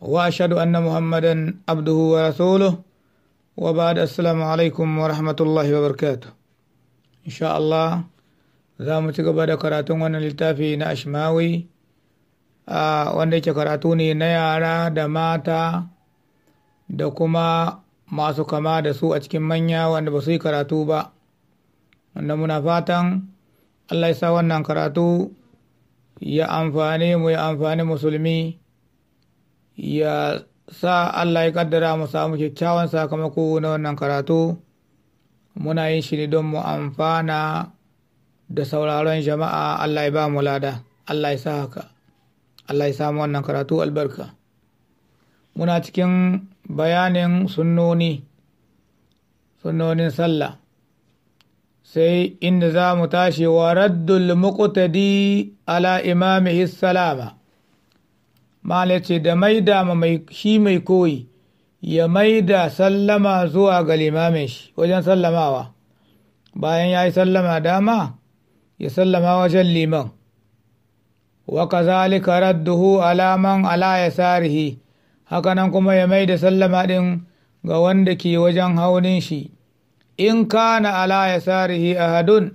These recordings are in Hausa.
وأشهد أن محمدا عبده ورسوله وبعد السلام alaikum wa rahmatullahi wa barkatu insha Allah za mu ci gaba da karatun wannan littafi na ashmawi wanda yake karatu ne na yara da mata da kuma masu kama da su a cikin manya wanda ba su yi karatu ba wanda muna fatan Allah ya sa wannan karatu ya amfani mu ya amfani musulmi ya sa Allah ya kaddara mu samu kyakkyawan sakamako na wannan karatu muna yin shi ne don mu amfana da sauraron jama'a Allah ya ba mu lada Allah ya sa haka Allah ya samu wannan karatu albarka muna cikin bayanin sunnoni sunnonin sallah sai inda za mu tashi wa raddul muqtadi ala imamihi salama mala ce da maida mai shi mai koyi ya maida sallama zuwa ga limamin shi wajen sallamawa bayan ya yi sallama dama ya sallama wajen liman wa kazalika radduhu alaman ala haka hakanan kuma ya maida sallama ɗin ga wanda ke wajen haunin shi in kana ala a ahadun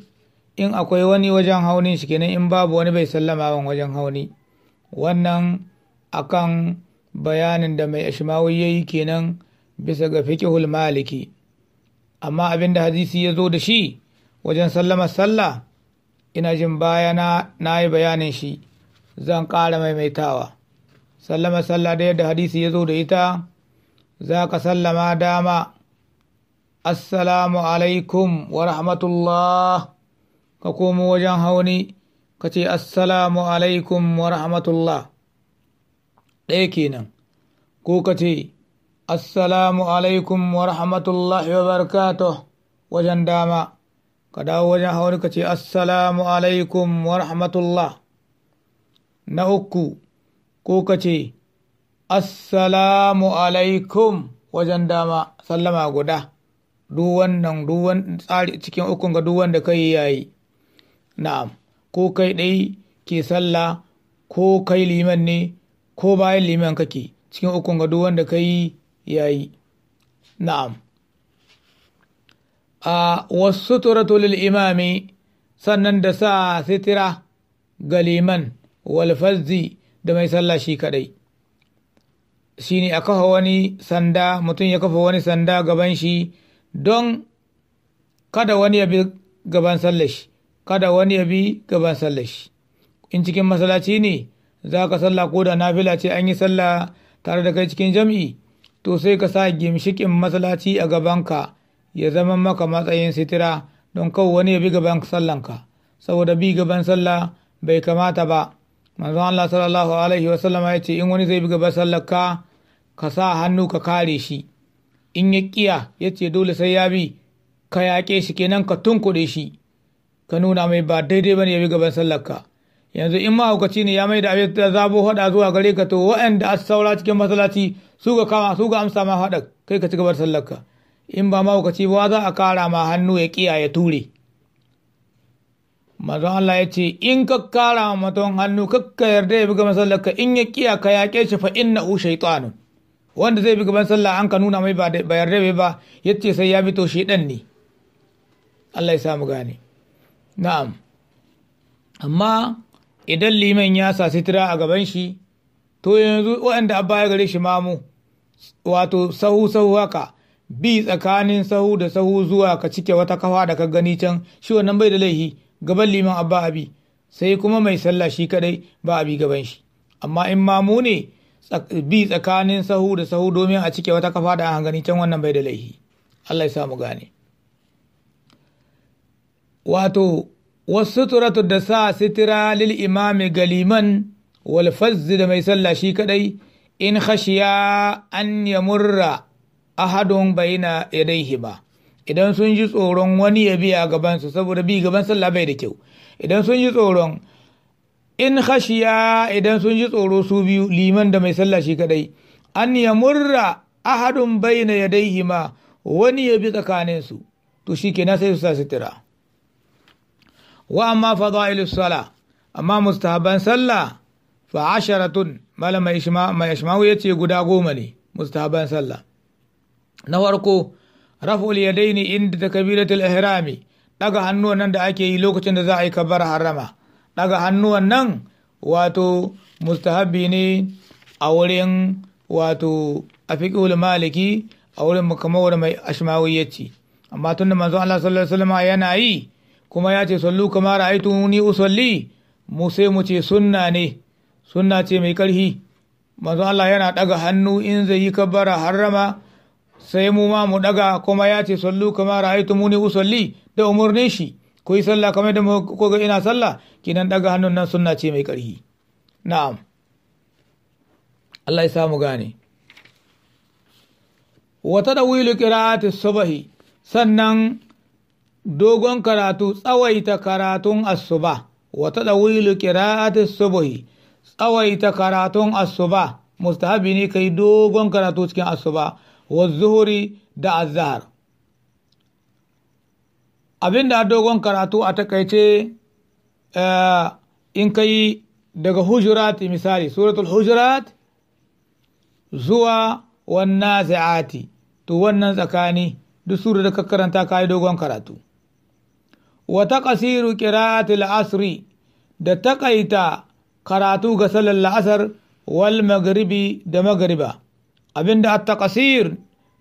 in akwai wani wajen haunin shi kenan in babu wani bai sallama wajen hauni wannan a kan bayanin da mai ashmawi ya yi kenan bisa ga fikihul maliki amma abin da hadisi ya zo da shi wajen sallama sallah ina jin baya na yi bayanin shi zan ƙara maimaitawa sallama sallah da yadda hadisi ya zo da ita za ka sallama dama assalamu alaikum wa rahmatullah ka komo wajen hauni ka ce assalamu alaikum wa rahmatullah ɗaya kenan ko ka ce assalamu alaikum wa rahmatullahi wa barakatuh wajen dama ka dawo wajen hauri ka ce assalamu alaikum wa rahmatullah na uku ko ka ce assalamu alaikum wajen dama sallama guda duk wannan duwan tsari cikin ukun ga duk wanda kai yayi na'am ko kai dai ke sallah ko kai liman ne ko bayan liman kake cikin ukun ga wanda ka yi ya yi na'am a wasu lil imami sannan da sa sitira ga liman walfazzi da mai sallah shi kadai shi ne a kafa wani sanda mutum ya kafa wani sanda gaban shi don kada wani ya bi gaban sallashi kada wani ya bi gaban sallashi in cikin masalaci ne za ka sallah ko da nafila ce an yi sallah tare da kai cikin jam'i to sai ka sa gimshikin masallaci a gabanka ya zama maka matsayin sitira don kawo wani ya bi gaban sallanka saboda bi gaban sallah bai kamata ba manzo Allah sallallahu alaihi wa sallama ya ce in wani zai bi gaban sallar ka sa hannu ka kare shi in ya kiya ya ce dole sai ya bi ka yaƙe shi kenan ka tunkuɗe shi ka nuna mai ba daidai bane ya bi gaban sallar ka. yanzu in mahaukaci ne ya mai da abin da zabo hada zuwa gare ka to waɗanda a saura cikin masallaci su ga kama su ga amsa ma hada kai ka ci gaba da sallarka in ba mahaukaci ba za a kara ma hannu ya kiya ya ture mazan Allah ya ce in ka kara ma mutum hannu kakka yarda ya buga masallarka in ya kiya ka yaƙe shi fa ushe shaytanun wanda zai buga gaban an ka nuna mai ba yarda bai ba yace sai ya bi to dan ne Allah ya samu gane na'am amma idan liman ya sa sitira a gaban shi to yanzu waɗanda Abba ya gare shi mamu wato sahu sahu haka bi tsakanin sahu da sahu zuwa ka cike wata kafa da ka gani can shi wannan bai da laihi gaban liman abba abi sai kuma mai sallah shi kadai ba abi gaban shi amma in mamu ne bi tsakanin sahu da sahu domin a cike wata kafa da an gani can wannan bai da laihi Allah ya sa mu gane wato wasu الدساء da sa قليما والفز imami galiman شي da mai sallah shi kadai in بين يديهما idan sun ji tsoron wani ya biya gabansu saboda bi gaban sallah bai da kyau idan sun ji tsoron in khashiya idan sun ji tsoro su biyu liman da mai sallah shi kadai an ya murra ahadun bayna yadaihi wani ya bi tsakanin su, to shi kenan sai su sa sitira wa amma fadailu sala amma mustahaban sallah fa asharatun malama mai ishmawu yace guda goma ne mustahaban sallah na farko raf'ul yadaini inda ta takbiratul ihrami daga hannuwan nan da ake yi lokacin da za a yi kabar harama daga hannuwan nan wato mustahabi ne a wurin wato a fiƙul maliki a wurin makamawar mai ashmawiyyaci amma tun da manzon Allah sallallahu alaihi wasallam yana yi kuma ya ce sallu kama ni usalli mu sai mu ce sunna ne sunna ce mai karhi manzo Allah yana ɗaga hannu in zai yi kabbara harrama sai mu ma mu ɗaga kuma ya ce sallu kama ni usalli da umurnin shi ku yi sallah kamar da ko ga ina sallah kinan ɗaga hannun nan sunna ce mai ƙarfi na'am Allah ya samu gane wata da wilu qira'ati subhi sannan dogon karatu tsawaita karatun asuba wa tadawilu qira'ati subuhi. tsawaita karatun asuba mustahabi ne kayi dogon karatu cikin asuba wa zuhuri da azhar abinda dogon karatu a takaice eh, in ka yi daga hujurat misali suratul hujurat zuwa wannan za'ati to wannan tsakani duk sura da ka karanta ka yi dogon karatu Wata ƙasiru qira'ati al-asri da takaita karatu ga salar la'asar wal magribi da magriba abinda at-taqsir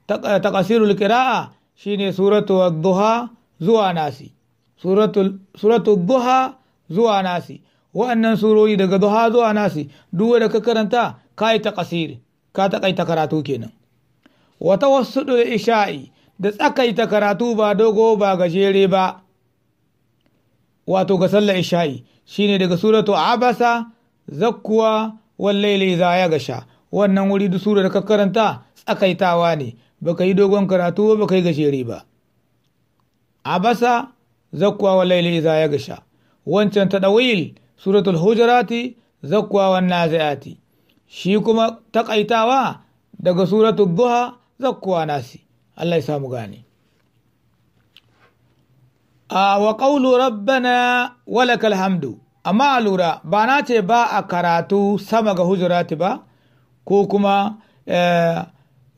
taqsirul qira'a shine suratu ad-duha zuwa nasi suratu duha zuwa nasi wa'annan surori daga duha zuwa nasi duk wanda ka karanta kai taqsir ka takaita karatu kenan wa tawassudul isha'i da tsakaita karatu ba dogo ba gajere ba wato ga sallar isha'i shine daga suratu abasa zakkuwa wallaili za ya gasha wannan wuri duk sura da ka karanta tsakaitawa ne baka yi dogon karatu ba baka yi gajere ba abasa zakkuwa wallaili za ya gasha wancan ta tadawil suratul hujurati zakkuwa wannan zayati. shi kuma takaitawa daga suratul duha zakkuwa nasi Allah ya samu gane wa ƙaulu rabbana walakal hamdu amma a lura ba na ce ba a karatu sama ga hujurati ba ko kuma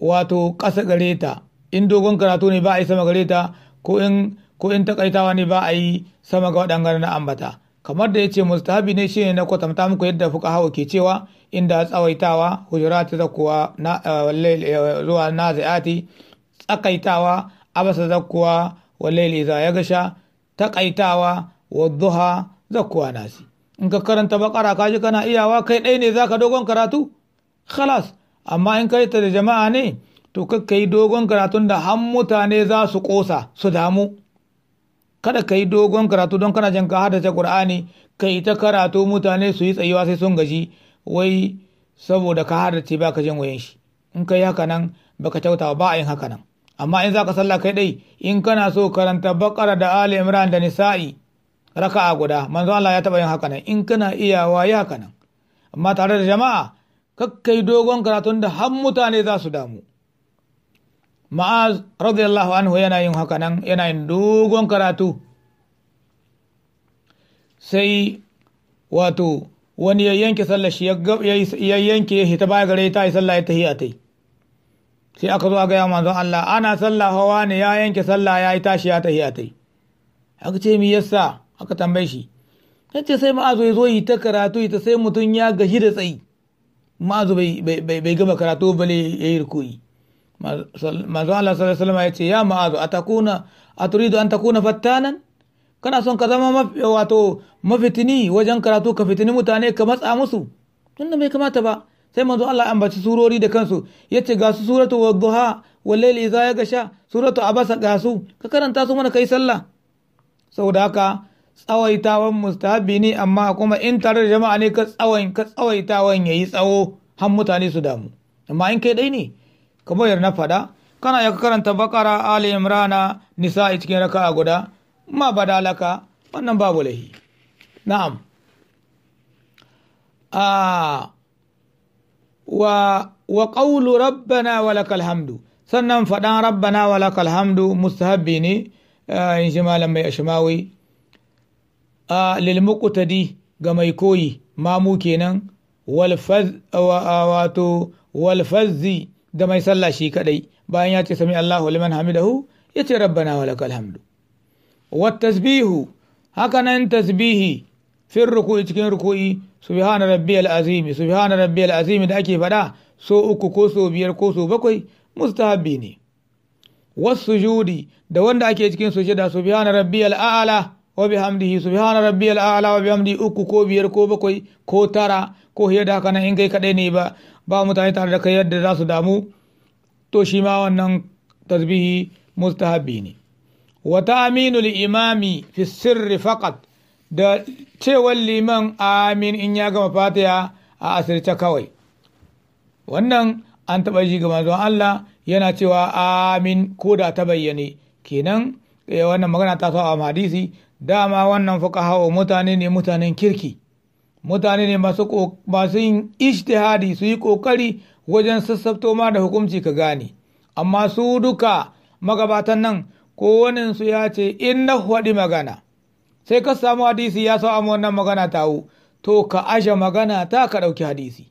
wato ƙasa gareta. in dogon karatu ne ba a yi sama gare ta ko in ko in takaitawa ne ba a yi sama ga waɗangare na ambata kamar da ya ce mustahabi ne shine na kwatanta muku yadda fuka hawa ke cewa inda tsawaitawa hujurati zakkuwa na zuwa na tsakaitawa abasa zakkuwa wallahi iza ya gasha zuha, za kuwa nasi in ka karanta bakara ka ji kana iyawa kai ɗai ne zaka dogon karatu khalas amma in kai ta da jama'a ne to kakka yi dogon karatun da han mutane za su ƙosa su damu kada ka yi dogon karatu don kana jan ka haddace qur'ani ka yi ta karatu mutane su yi tsayuwa sai sun gaji wai saboda ka haddace baka jin wayan shi in ka yi haka nan baka kyautawa ba a yin haka nan amma in za ka sallah kai dai in kana so karanta bakara da ali imran da nisa'i raka'a guda manzo Allah ya taba yin haka nan in kana iyawa ya haka nan amma tare da jama'a kakkai dogon karatun da har mutane za su damu ma'az radiyallahu anhu yana yin haka nan yana yin dogon karatu sai wato wani ya yanke sallah shi ya yanke ya hita baya gare ta yi sallah ya tahiya ta yi sai aka zo a gaya manzon Allah ana sallah hawa ne ya yanke sallah ya yi tashi ya tahi tai aka ce mi yasa aka tambaye shi yace sai ma'azu ya zo yi ta karatu ita sai mutum ya gaji da tsayi ma'azu bai gama karatu bale ya yi rukuni manzon Allah sallallahu alaihi ya ce ya ma'azu atakuna aturidu an takuna fattanan kana son ka zama wato mafitini wajen karatu ka fitini mutane ka matsa musu tunda bai kamata ba sai manzo Allah ambaci surori da kansu yace ga su suratu wadduha wal layli idha yaghsha suratu abasa ga su ka karanta su mana kai sallah saboda haka tsawaitawan mustahabi ne amma kuma in tare da jama'a ne ka tsawain ka tsawaitawan yayi tsawo har mutane su damu amma in kai dai ne kamar yadda na fada kana ya karanta bakara ali imrana nisa'i cikin raka'a guda ma badalaka wannan babu lahi na'am a ah, wa wa qawlu rabbana wa lakal hamdu sannan faɗan rabbana wa lakal hamdu mustahabbi ne in shi malam mai ashmawi lil muqtadi ga mai koyi mamu kenan wal faz wato wal fazzi da mai sallah shi kadai bayan ya ce sami Allahu liman hamidahu yace rabbana wa lakal hamdu wat tasbihu haka nan tasbihi fin ruku'i cikin ruku'i subhana rabbiyal azimi subhana rabbiyal azimi da ake faɗa so uku ko so biyar ko so bakwai mustahabbi ne wasu judi da wanda ake cikin shida subhana rabbiyal a'ala wa bihamdihi subhana rabbiyal a'la wa bihamdihi uku ko biyar ko bakwai ko tara ko hiyar da kana in kai kadai ne ba ba mutane tare da kai yadda za su damu to shi ma wannan tasbihi mustahabbi ne wa ta'minu li imami fi sirri faqat da cewar liman amin in ya gama fatiha a asirce kawai wannan an taɓa ji ga manzon Allah yana cewa amin ko da ta bayyane kenan eh, wannan magana ta a hadisi dama wannan fuka hawa mutane ne mutanen kirki mutane ne masu yin ishtihadi su yi ƙoƙari wajen sassabto ma da hukunci ka gane amma su duka magabatan nan ko su ya ce in na faɗi magana sai ka samu hadisi ya sa amma wannan magana ta wu to ka ashe magana ta ka ɗauki hadisi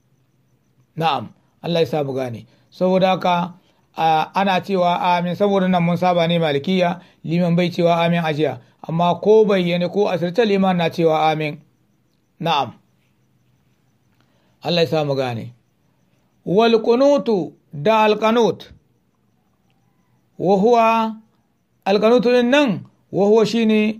na'am Allah ya sa mu gane saboda haka ana cewa amin saboda nan mun saba ne malikiya liman bai cewa amin ajiya amma ko bayyane ko asirce liman na cewa amin na'am Allah ya sa mu gane wal qunutu da al qanut wa huwa al qanut nan wa huwa shine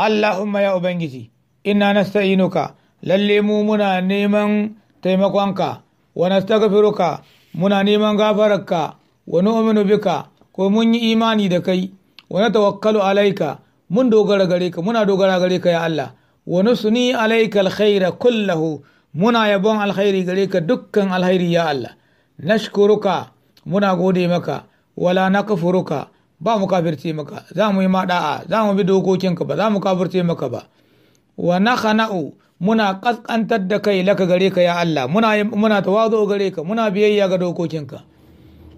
Allahumma ya Ubangiji, ina na sa'inuka. lalle mu muna neman taimakonka, wa nastaghfiruka muna neman gafararka, Wani nu'minu bika, ko mun yi imani da kai, Wani natawakkalu alaika, mun dogara gare ka, muna dogara gare ka ya Allah, wa nusni alaika alkhaira kullahu, muna yabon alkhairi gare ka dukkan alkhairi ya Allah. Nashkuruka muna gode maka, wala nakfuruka ba mu kafirce maka za mu yi maɗa a za mu bi dokokinka ba za mu kafirce maka ba wa hana'u muna ƙasƙantar da kai laka gare ka ya Allah muna tawazo gare ka muna biyayya ga dokokinka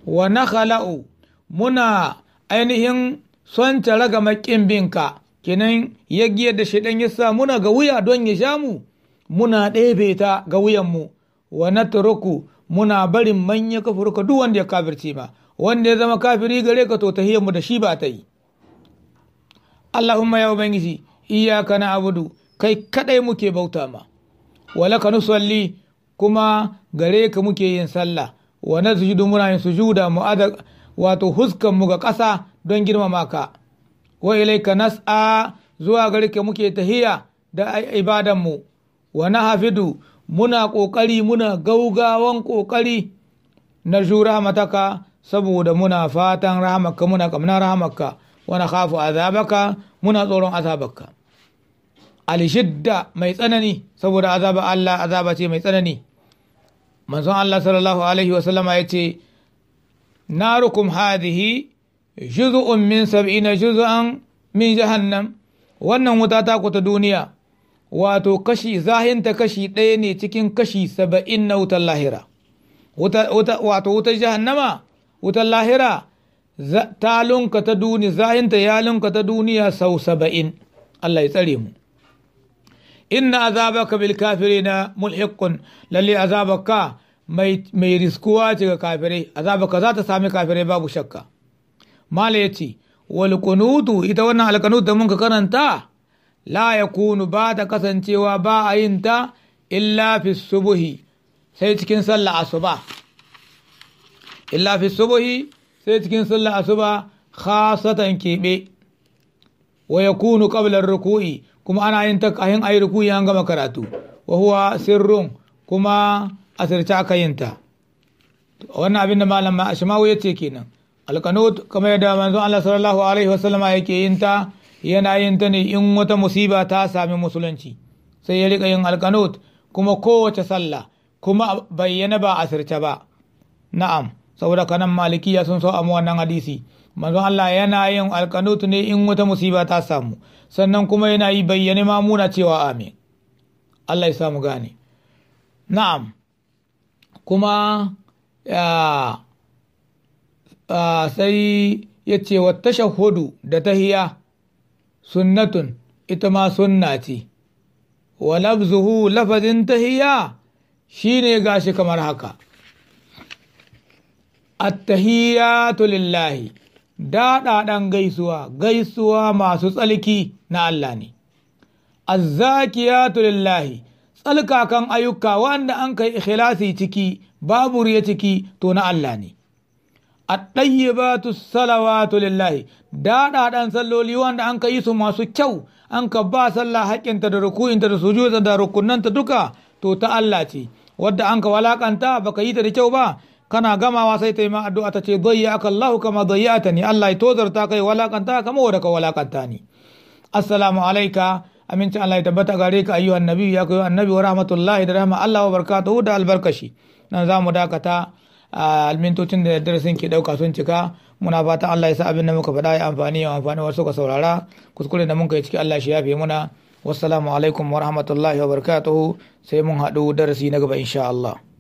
wa hana'u muna ainihin son ta raga makin binka kinan giya da shaidan ya sa muna ga wuya don ya sha mu muna ɗebe ta ga wuyanmu wa turuku muna barin manya kafurka duk wanda ya kafirce ma wanda ya zama kafiri gare ka to tahiyyar mu da shi ba ta yi Allahumma ya ubangiji iyyaka na'budu kai kadai muke bauta ma walaka nusalli kuma gare ka muke yin sallah wa nasjudu muna yin sujuda mu wato huskan mu ga ƙasa don girmama ka wa ilaika nas'a zuwa gare ka muke tahiya da ibadan mu wa nahafidu muna ƙoƙari muna gaugawan ƙoƙari na jura mataka saboda muna fatan rahamarka muna kamnar rahamarka wani khafu azabaka muna tsoron azabaka. alshidda mai tsanani saboda azaba Allah azaba ce mai tsanani manzon Allah sallallahu alaihi wasallama ya ce narukum hadhihi juz'un min sab'ina juz'an min jahannam wannan wuta ta ku ta duniya wato kashi zahinta kashi ɗaya ne cikin kashi saba'in na wutar lahira wato wutar jahannama wutar lahira ta lunka ta duniya ya lunka ta duniya sau saba'in Allah ya tsare mu inna azabaka bil kafirina mulhiqun lalle azabaka mai mai riskuwa ce ga kafirai azabaka za ta sami kafirai babu shakka mala yace wal qunutu ita wannan alqanut da muka karanta la yakunu ba ta kasancewa ba a yin ta illa fi subuhi sai cikin sallah asuba illa fi subuhi sai cikin sallar asuba khasatan keɓe wa yakunu qabla ruku'i kuma ana yin ta kahin ayi ruku'i an gama karatu wa huwa sirrun kuma asirce aka yin ta wannan abin da malam ya yace kenan alkanut kamar yadda manzo Allah sallallahu alaihi wasallama yake yin ta yana yin ta ne in wata musiba ta sami musulunci sai ya rika yin alkanut kuma kowace sallah kuma bayyana ba asirce ba na'am saboda kanan malikiya sun so amu wannan hadisi manzon Allah yana yin alkanutu ne in wata musiba ta samu sannan kuma yana yi bayyane ma muna cewa amin Allah ya samu gane na'am kuma sai ya ce wa tashahudu da tahiya sunnatun ita ma sunna ce wa lafzuhu lafazin tahiya shine gashi kamar haka attahiyatu lillahi daɗaɗan gaisuwa gaisuwa masu tsalki na Allah ne azzakiyatu lillahi kan ayyuka wanda an kai ikhlasi ciki babu riya ciki to na Allah ne at-tayyibatu salawatu lillahi daɗaɗan salloli wanda an yi su masu kyau an ka ba sallah haƙƙinta da ruku'inta da sujudinta da rukunanta duka to ta Allah ce wadda an ka walakanta baka yi ta da kyau ba kana gamawa sai ta yi addu'a ta ce zai yi aka Allahu kama ta ni Allah ya tozarta kai walakanta kama wadda ka walakanta ni assalamu alaika amincin Allah ya tabbata gare ka ayyuhan annabi ya kai annabi wa rahmatullahi da rahma Allah wa barakatuhu da albarkashi nan zamu dakata a almintocin da darasin ke dauka sun cika muna fata Allah ya sa abin da muka faɗa ya amfani ya amfani wasu ka saurara kuskure da mun kai ciki Allah shi yafe muna wassalamu alaikum wa rahmatullahi wa barakatuhu sai mun haɗu darasi na gaba insha Allah